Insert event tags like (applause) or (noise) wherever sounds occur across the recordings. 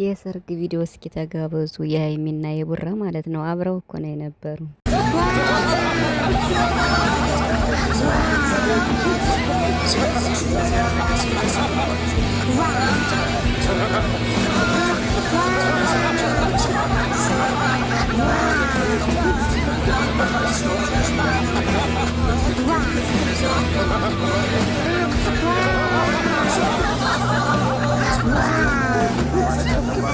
የሰርግ ቪዲዮ እስኪ ተጋበዙ። የሀይሚና የቡራ ማለት ነው። አብረው እኮ ነው የነበሩ።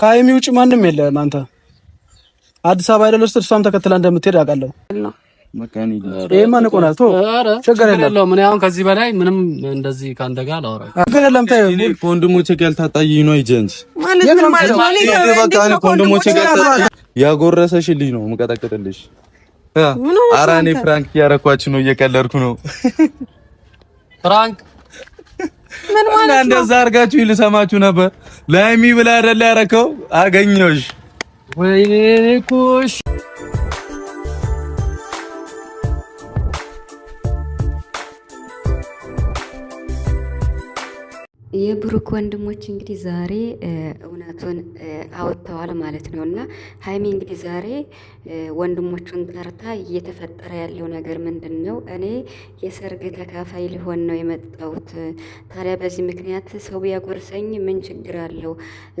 ከሀይሚ ውጭ ማንም የለም። አንተ አዲስ አበባ አይደለ ውስጥ እሷም ተከትላ እንደምትሄድ አውቃለሁ። ችግር የለም። አሁን ከዚህ በላይ ምንም እንደዚህ ከአንተ ጋር አላወራም። ችግር የለም። ያጎረሰሽ ልጅ ነው የምቀጠቅጥልሽ። አራኔ ፍራንክ እያረኳችሁ ነው፣ እየቀለድኩ ነው ፍራንክ ምን ማለት ነው? እንደዛ አርጋችሁ ልሰማችሁ ነበር። ለሚ ብላ አይደል ያረከው አገኘሽ ወይኔ ኩሽ የብሩክ ወንድሞች እንግዲህ ዛሬ እውነቱን አውጥተዋል ማለት ነው እና ሀይሚ እንግዲህ ዛሬ ወንድሞቹን ጠርታ እየተፈጠረ ያለው ነገር ምንድን ነው? እኔ የሰርግ ተካፋይ ሊሆን ነው የመጣሁት። ታዲያ በዚህ ምክንያት ሰው ቢያጎርሰኝ ምን ችግር አለው?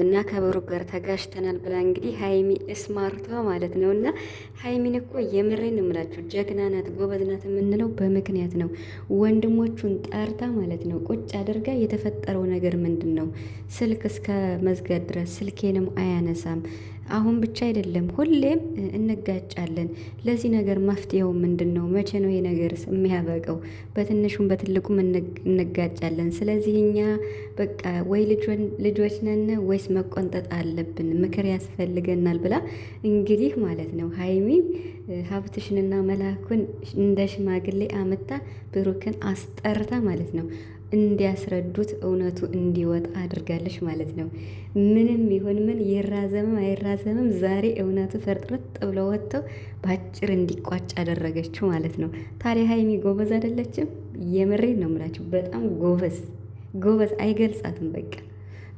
እና ከብሩክ ጋር ተጋሽተናል ብላ እንግዲህ ሀይሚ እስማርቷ ማለት ነው እና ሀይሚን እኮ የምሬን እምላችሁ ጀግና ናት፣ ጎበዝ ናት የምንለው በምክንያት ነው። ወንድሞቹን ጠርታ ማለት ነው ቁጭ አድርጋ የተፈጠረው ነገር ምንድን ነው? ስልክ እስከ መዝጋት ድረስ ስልኬንም አያነሳም። አሁን ብቻ አይደለም፣ ሁሌም እንጋጫለን። ለዚህ ነገር መፍትሄው ምንድን ነው? መቼ ነው ይሄ ነገር የሚያበቀው? በትንሹም በትልቁም እንጋጫለን። ስለዚህ እኛ በቃ ወይ ልጆች ነን ወይስ መቆንጠጥ አለብን? ምክር ያስፈልገናል ብላ እንግዲህ ማለት ነው ሀይሚ ሀብትሽንና መላኩን እንደ ሽማግሌ አመታ ብሩክን አስጠርታ ማለት ነው እንዲያስረዱት እውነቱ እንዲወጣ አድርጋለች ማለት ነው። ምንም ይሁን ምን ይራዘምም አይራዘምም ዛሬ እውነቱ ፈርጥርጥ ብሎ ወጥተው በአጭር እንዲቋጭ አደረገችው ማለት ነው። ታዲያ ሀይሚ ጎበዝ አይደለችም? የምሬ ነው የምላችሁ። በጣም ጎበዝ ጎበዝ አይገልጻትም በቃ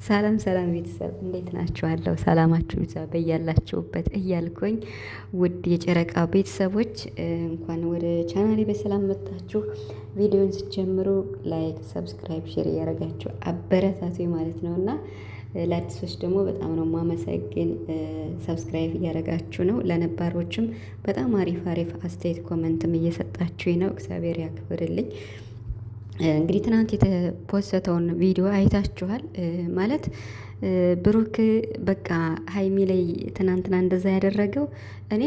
ሰላም ሰላም ቤተሰብ እንዴት ናችኋለሁ? ሰላማችሁ ይብዛ በያላችሁበት እያልኩኝ ውድ የጨረቃ ቤተሰቦች እንኳን ወደ ቻናሌ በሰላም መጣችሁ። ቪዲዮን ስጀምሩ ላይክ፣ ሰብስክራይብ፣ ሼር እያደረጋችሁ አበረታቱ ማለት ነው እና ለአዲሶች ደግሞ በጣም ነው ማመሰግን። ሰብስክራይብ እያደረጋችሁ ነው። ለነባሮችም በጣም አሪፍ አሪፍ አስተያየት ኮመንትም እየሰጣችሁ ነው። እግዚአብሔር ያክብርልኝ። እንግዲህ ትናንት የተፖሰተውን ቪዲዮ አይታችኋል። ማለት ብሩክ በቃ ሀይሚ ላይ ትናንትና እንደዛ ያደረገው እኔ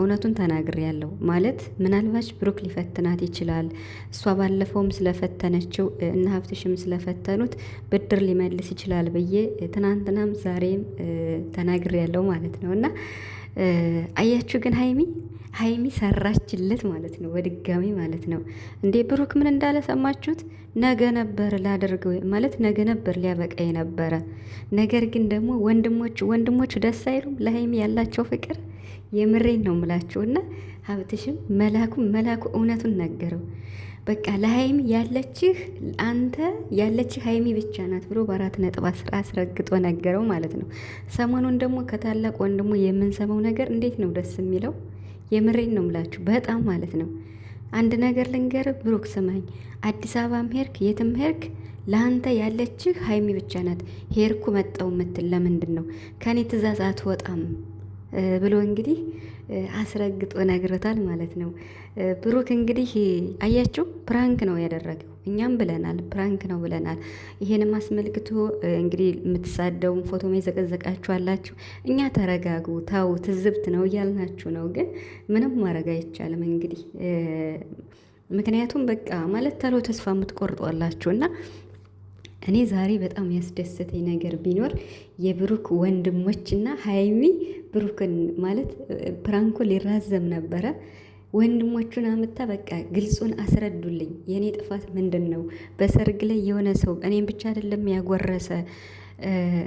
እውነቱን ተናግሬ ያለው ማለት ምናልባች ብሩክ ሊፈትናት ይችላል። እሷ ባለፈውም ስለፈተነችው እና ሀብትሽም ስለፈተኑት ብድር ሊመልስ ይችላል ብዬ ትናንትናም ዛሬም ተናግሬ ያለው ማለት ነው እና አያችሁ ግን ሀይሚ ሀይሚ ሰራችለት ማለት ነው፣ በድጋሚ ማለት ነው። እንዴ ብሩክ ምን እንዳለ ሰማችሁት? ነገ ነበር ላደርገው ማለት ነገ ነበር ሊያበቃ የነበረ ነገር ግን ደግሞ ወንድሞች ወንድሞቹ ደስ አይሉም ለሀይሚ ያላቸው ፍቅር የምሬን ነው ምላችሁ እና ሀብትሽም መላኩ መላኩ እውነቱን ነገረው። በቃ ለሀይሚ ያለችህ አንተ ያለችህ ሀይሚ ብቻ ናት ብሎ በአራት ነጥብ አስረግጦ ነገረው ማለት ነው። ሰሞኑን ደግሞ ከታላቅ ወንድሞ የምንሰማው ነገር እንዴት ነው ደስ የሚለው የምሬን ነው ምላችሁ በጣም ማለት ነው። አንድ ነገር ልንገር ብሩክ ስማኝ፣ አዲስ አበባም ሄርክ የትም ሄርክ ለአንተ ያለችህ ሀይሚ ብቻ ናት። ሄርኩ መጣው ምትል ለምንድን ነው ከኔ ትእዛዝ አትወጣም ብሎ እንግዲህ አስረግጦ ነግሮታል ማለት ነው። ብሩክ እንግዲህ አያችሁ፣ ፕራንክ ነው ያደረገው። እኛም ብለናል፣ ፕራንክ ነው ብለናል። ይሄንም አስመልክቶ እንግዲህ የምትሳደውን ፎቶ የዘቀዘቃችሁ አላችሁ። እኛ ተረጋጉ፣ ታው ትዝብት ነው እያልናችሁ ነው፣ ግን ምንም ማድረግ አይቻልም እንግዲህ ምክንያቱም በቃ ማለት ተሎ ተስፋ የምትቆርጧላችሁ እና እኔ ዛሬ በጣም ያስደሰተኝ ነገር ቢኖር የብሩክ ወንድሞችና ሀይሚ ብሩክን ማለት ፕራንኮ ሊራዘም ነበረ ወንድሞቹን አምታ በቃ ግልጹን አስረዱልኝ። የእኔ ጥፋት ምንድን ነው? በሰርግ ላይ የሆነ ሰው እኔም ብቻ አይደለም ያጎረሰ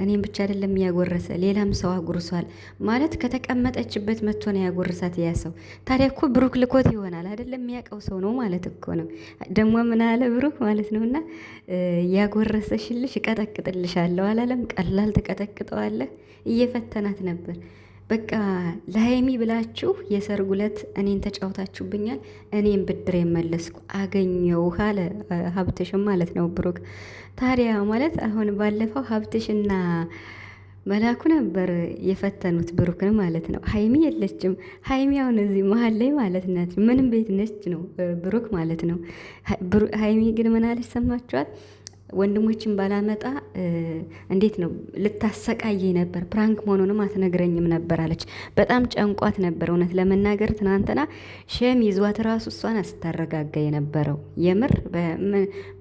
እኔም ብቻ አይደለም ያጎረሰ ሌላም ሰው አጉርሷል ማለት ከተቀመጠችበት መጥቶ ነው ያጎርሳት ያ ሰው። ታዲያ እኮ ብሩክ ልኮት ይሆናል አይደለም? የሚያውቀው ሰው ነው ማለት እኮ ነው። ደግሞ ምን አለ ብሩክ ማለት ነው እና ያጎረሰሽልሽ እቀጠቅጥልሻለሁ አላለም? ቀላል ትቀጠቅጠዋለህ። እየፈተናት ነበር። በቃ ለሀይሚ ብላችሁ የሰርጉ ዕለት እኔን ተጫውታችሁብኛል፣ እኔን ብድር የመለስኩ አገኘው አለ ሀብትሽን ማለት ነው ብሩክ። ታዲያ ማለት አሁን ባለፈው ሀብትሽና መላኩ ነበር የፈተኑት ብሩክን ማለት ነው። ሀይሚ የለችም። ሀይሚ አሁን እዚህ መሀል ላይ ማለት ነች፣ ምንም ቤት ነች ነው ብሩክ ማለት ነው። ሀይሚ ግን ምን አለች ሰማችኋት? ወንድሞችን ባላመጣ እንዴት ነው ልታሰቃየ ነበር። ፕራንክ መሆኑንም አትነግረኝም ነበር አለች። በጣም ጨንቋት ነበር። እውነት ለመናገር ትናንትና ሸም ይዟት ራሱ እሷን አስታረጋጋ የነበረው የምር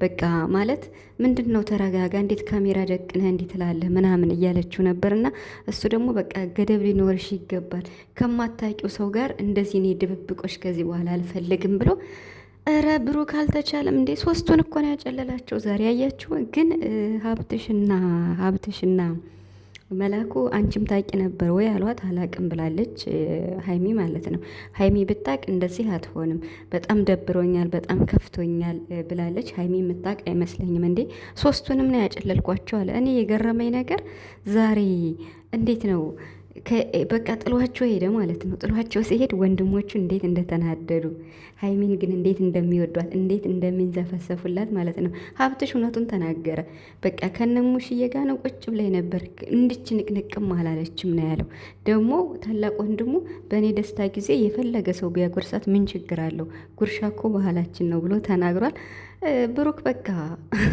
በቃ ማለት ምንድን ነው ተረጋጋ፣ እንዴት ካሜራ ደቅነህ እንዲህ ትላለህ ምናምን እያለችው ነበርና እሱ ደግሞ በቃ ገደብ ሊኖርሽ ይገባል ከማታውቂው ሰው ጋር እንደዚህ እኔ ድብብቆሽ ከዚህ በኋላ አልፈልግም ብሎ እረ ብሩክ አልተቻለም እንዴ! ሶስቱን እኮ ነው ያጨለላቸው ዛሬ አያችሁ። ግን ሀብትሽና ሀብትሽና መላኩ አንቺም ታቂ ነበር ወይ አሏት። አላቅም ብላለች ሀይሚ ማለት ነው። ሀይሚ ብታቅ እንደዚህ አትሆንም። በጣም ደብሮኛል፣ በጣም ከፍቶኛል ብላለች። ሀይሚ የምታቅ አይመስለኝም። እንዴ ሶስቱንም ነው ያጨለልኳቸው አለ። እኔ የገረመኝ ነገር ዛሬ እንዴት ነው በቃ ጥሏቸው ሄደ ማለት ነው። ጥሏቸው ሲሄድ ወንድሞቹ እንዴት እንደተናደዱ ሀይሚን ግን እንዴት እንደሚወዷት እንዴት እንደሚንዘፈሰፉላት ማለት ነው። ሀብትሽ እውነቱን ተናገረ። በቃ ከነሙሽዬ ጋ ነው ቁጭ ብላይ ነበር፣ እንድች ንቅንቅም አላለችም ነው ያለው። ደግሞ ታላቅ ወንድሙ በእኔ ደስታ ጊዜ የፈለገ ሰው ቢያጎርሳት ምን ችግር አለው? ጉርሻ እኮ ባህላችን ነው ብሎ ተናግሯል። ብሩክ በቃ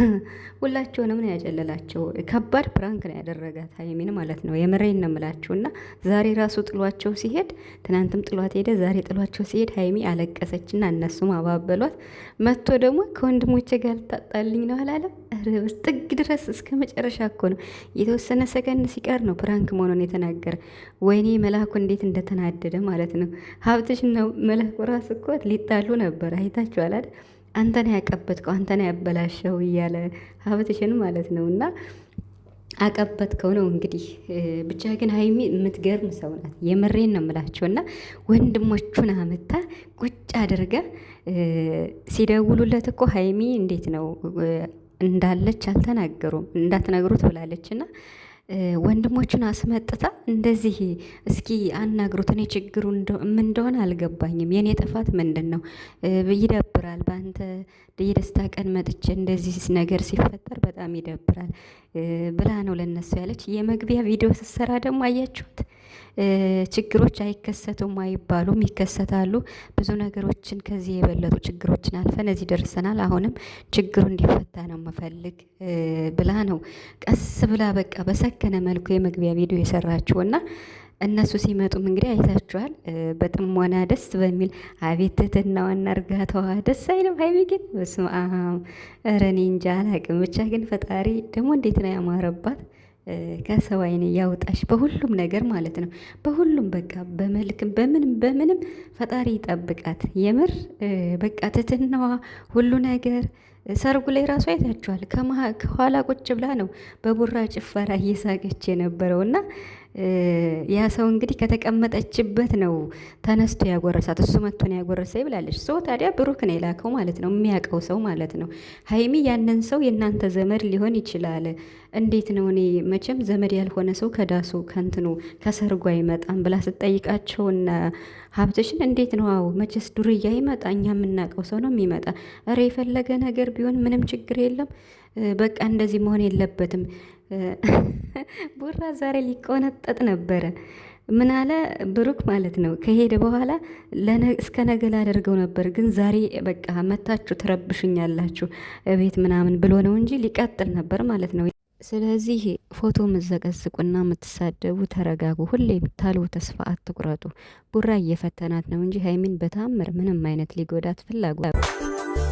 (laughs) ሁላቸውንም ነው ያጨለላቸው። ከባድ ፕራንክ ነው ያደረጋት ሀይሚን ማለት ነው። የምሬን ነው የምላችሁ። እና ዛሬ ራሱ ጥሏቸው ሲሄድ፣ ትናንትም ጥሏት ሄደ፣ ዛሬ ጥሏቸው ሲሄድ ሀይሚ አለቀሰችና እነሱም አባበሏት። መጥቶ ደግሞ ከወንድሞቼ ጋር ልታጣልኝ ነው አላለም። ጥግ ድረስ እስከ መጨረሻ እኮ ነው። የተወሰነ ሰከንድ ሲቀር ነው ፕራንክ መሆኑን የተናገረ። ወይኔ መላኩ እንዴት እንደተናደደ ማለት ነው። ሀብትሽ ነው መላኩ ራሱ እኮ ሊጣሉ ነበር። አይታችኋል አይደል? አንተን ያቀበጥከው አንተን ያበላሸው እያለ ሀብትሽን ማለት ነው እና አቀበጥከው ነው እንግዲህ። ብቻ ግን ሀይሚ የምትገርም ሰው ናት። የምሬን ነው የምላቸው እና ወንድሞቹን አመታ ቁጭ አድርጋ ሲደውሉለት እኮ ሀይሚ እንዴት ነው እንዳለች አልተናገሩም። እንዳትነግሩት ብላለች እና ወንድሞቹን አስመጥታ እንደዚህ እስኪ አናግሩት። እኔ ችግሩ ምን እንደሆነ አልገባኝም። የእኔ ጥፋት ምንድን ነው? ይደብራል። በአንተ የደስታ ቀን መጥቼ እንደዚህ ነገር ሲፈጠር በጣም ይደብራል። ብላ ነው ለነሱ ያለች። የመግቢያ ቪዲዮ ስትሰራ ደግሞ አያችሁት ችግሮች አይከሰቱም አይባሉም፣ ይከሰታሉ። ብዙ ነገሮችን ከዚህ የበለጡ ችግሮችን አልፈን እዚህ ደርሰናል። አሁንም ችግሩ እንዲፈታ ነው መፈልግ ብላ ነው ቀስ ብላ በቃ በሰከነ መልኩ የመግቢያ ቪዲዮ የሰራችው እና እነሱ ሲመጡም እንግዲህ አይታችኋል። በጥሞና ደስ በሚል አቤት ትህትናዋና እርጋታዋ ደስ አይልም። ሀይሚ ግን በስመ አብ ኧረ እኔ እንጃ አላቅም። ብቻ ግን ፈጣሪ ደግሞ እንዴት ነው ያማረባት ከሰው አይን ያውጣሽ በሁሉም ነገር ማለት ነው። በሁሉም በቃ በመልክም በምንም በምንም ፈጣሪ ይጠብቃት። የምር በቃ ትትናዋ ሁሉ ነገር ሰርጉ ላይ ራሱ አይታችኋል። ከኋላ ቁጭ ብላ ነው በቡራ ጭፈራ እየሳቀች የነበረውና ያ ሰው እንግዲህ ከተቀመጠችበት ነው ተነስቶ ያጎረሳት። እሱ መጥቶ ነው ያጎረሰ ይብላለች። ሶ ታዲያ ብሩክ ነው የላከው ማለት ነው፣ የሚያውቀው ሰው ማለት ነው። ሀይሚ ያንን ሰው የእናንተ ዘመድ ሊሆን ይችላል። እንዴት ነው እኔ መቼም ዘመድ ያልሆነ ሰው ከዳሱ ከንትኑ ከሰርጉ አይመጣም ብላ ስጠይቃቸውና ሀብትሽን እንዴት ነው አው መቼስ ዱርያ ይመጣ እኛ የምናውቀው ሰው ነው የሚመጣ። ኧረ የፈለገ ነገር ቢሆን ምንም ችግር የለም። በቃ እንደዚህ መሆን የለበትም። (laughs) ቡራ ዛሬ ሊቆነጠጥ ነበረ። ምን አለ ብሩክ ማለት ነው። ከሄደ በኋላ እስከ ነገ ላደርገው ነበር፣ ግን ዛሬ በቃ መታችሁ ትረብሽኛላችሁ ቤት ምናምን ብሎ ነው እንጂ ሊቀጥል ነበር ማለት ነው። ስለዚህ ፎቶ የምዘቀዝቁና የምትሳደቡ ተረጋጉ። ሁሌም ታሉ ተስፋ አትቁረጡ። ቡራ እየፈተናት ነው እንጂ ሀይሚን በታምር ምንም አይነት ሊጎዳት ፍላጎት